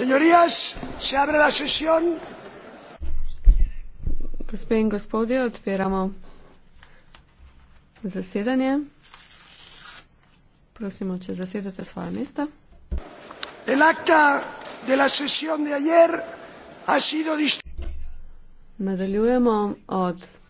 Gospe in gospodje, odpiramo zasedanje. Prosimo, če zasedete svoje mesta. El acta de la sesión de ayer ha sido Nadaljujemo od